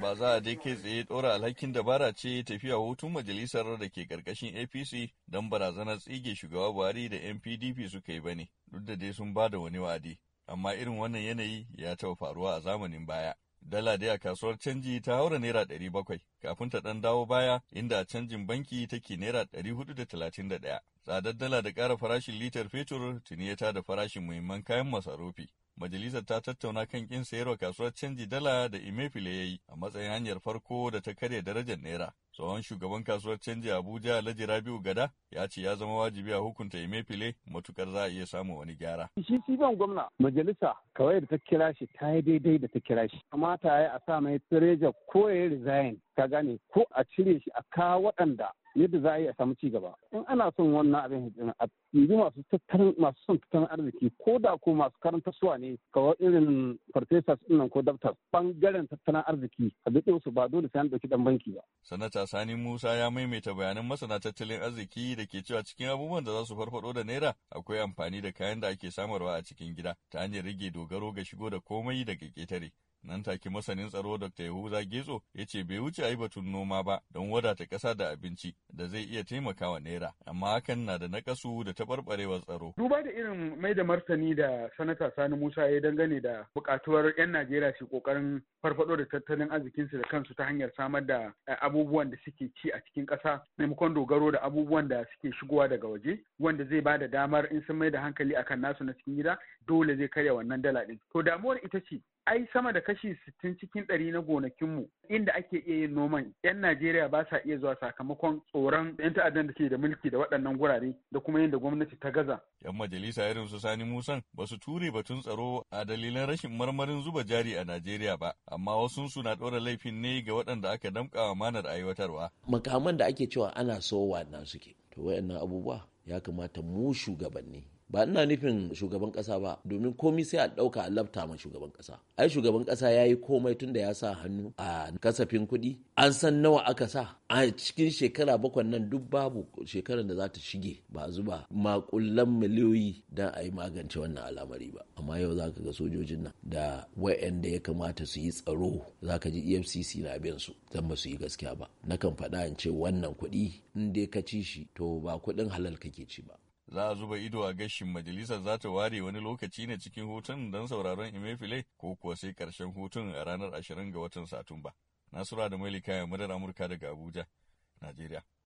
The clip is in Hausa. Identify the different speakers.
Speaker 1: ba za a dai kai tsaye ɗora alhakin dabara ce tafiya hutun majalisar da ke ƙarƙashin apc don barazanar tsige shugaba buhari da PDP suka yi ba ne duk da dai sun ba da wani wa'adi amma irin wannan yanayi ya taɓa faruwa a zamanin baya dala dai a kasuwar canji ta haura naira ɗari bakwai kafin ta ɗan dawo baya inda canjin banki take naira ɗari hudu da talatin da ɗaya tsadar dala da ƙara farashin litar fetur tuni ya tada farashin muhimman kayan masarufi majalisar ta tattauna kan kin sayarwa kasuwar canji dala da imefile ya yi a matsayin hanyar farko da ta karya darajar naira tsohon shugaban kasuwar canji abuja alhaji rabiu gada ya ce ya zama wajibi a hukunta imefile matukar za a iya samu wani gyara shi siban gwamna
Speaker 2: majalisa kawai da ta kira shi ta yi daidai da ta kira shi
Speaker 1: kamata ya
Speaker 2: a sa mai tireja ko ya yi resign ka gane ko a cire shi a kawo waɗanda yadda za a yi a samu ci gaba in ana son wannan abin a yanzu masu tattalin masu son tattalin arziki ko da ko masu karanta suwa ne kawai irin farfesas nan ko daftar bangaren tattalin arziki a duk su ba dole sai an dauki dan banki ba
Speaker 1: sanata sani musa ya maimaita bayanan masana tattalin arziki da ke cewa cikin abubuwan da za su farfado da naira akwai amfani da kayan da ake samarwa a cikin gida ta hanyar rage dogaro ga shigo da komai daga ketare Nan take masanin tsaro Dr. Yahuza Getso ya ce bai wuce a yi batun noma ba don wadata ƙasa da abinci da zai iya taimakawa naira, amma hakan na da nakasu da taɓarɓarewar tsaro.
Speaker 3: Duba da irin mai da martani da sanata Sani Musa ya dangane da buƙatuwar 'yan Najeriya su kokarin farfaɗo da tattalin arzikinsu da kansu ta hanyar samar da eh, abubuwan da suke ci a cikin ƙasa maimakon dogaro da abubuwan da suke shigowa daga waje wanda zai ba da damar in sun mai da hankali akan nasu na cikin gida dole zai karya wannan dala ɗin. To damuwar ita ce ai sama da kashi 60 cikin ɗari na gonakinmu inda ake iya yin noman 'yan Najeriya ba sa iya zuwa sakamakon tsoron 'yan ta'addan da ke da mulki da waɗannan gurare da kuma yadda gwamnati ta gaza.
Speaker 1: 'Yan majalisa irin su Sani Musan ba su ture batun tsaro a dalilan rashin marmarin zuba jari a Najeriya ba, amma wasu su na ɗora laifin ne ga waɗanda aka damƙa manar aiwatarwa.
Speaker 4: Makaman da ake cewa ana sowa na suke. To wayannan abubuwa ya kamata mu shugabanni ba ina nufin shugaban kasa ba domin komi sai a ɗauka a lafta ma shugaban kasa ai shugaban kasa ya yi komai tun da ya sa hannu a kasafin kuɗi an san nawa aka sa a cikin shekara bakwai nan duk babu shekarar da za ta shige ba zuba makullan miliyoyi don a yi magance wannan al'amari ba amma yau za ka ga sojojin nan da wa'anda ya kamata su yi tsaro za ka ji efcc na biyan su zan ba su yi gaskiya ba nakan faɗa in ce wannan kuɗi in dai ka ci shi to ba kuɗin halal kake ci ba
Speaker 1: Za a zuba ido a gashin majalisar za ta ware wani lokaci ne cikin hutun don sauraron imefile ko kuwa sai ƙarshen hutun a ranar 20 ga watan Satumba. Nasura da Malika ya murar Amurka daga Abuja, Najeriya.